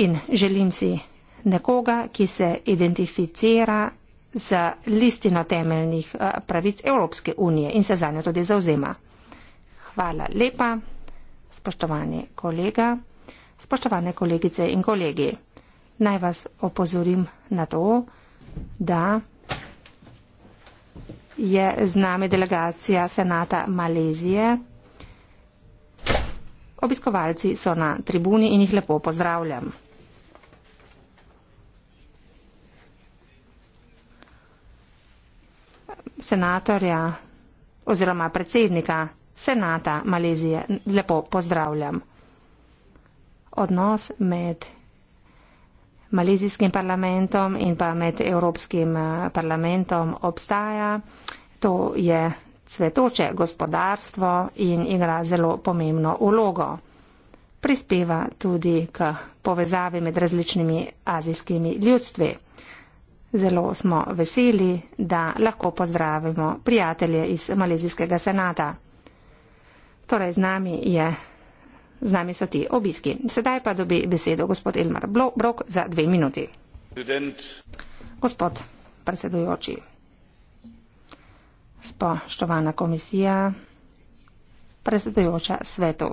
in želim si nekoga, ki se identificira z listino temeljnih eh, pravic Evropske unije in se za njo tudi zauzema. Hvala lepa, spoštovani kolega, spoštovane kolegice in kolegi. Naj vas opozorim na to, da je z nami delegacija Senata Malezije. Obiskovalci so na tribuni in jih lepo pozdravljam. senatorja oziroma predsednika senata Malezije. Lepo pozdravljam. Odnos med malezijskim parlamentom in pa med evropskim eh, parlamentom obstaja. To je cvetoče gospodarstvo in igra zelo pomembno vlogo. Prispeva tudi k povezavi med različnimi azijskimi ljudstvi. Zelo smo veseli, da lahko pozdravimo prijatelje iz Malezijskega senata. Torej, z nami, je, z nami so ti obiski. Sedaj pa dobi besedo gospod Elmar Brok za dve minuti. President. Gospod predsedujoči, spoštovana komisija, predsedujoča svetu.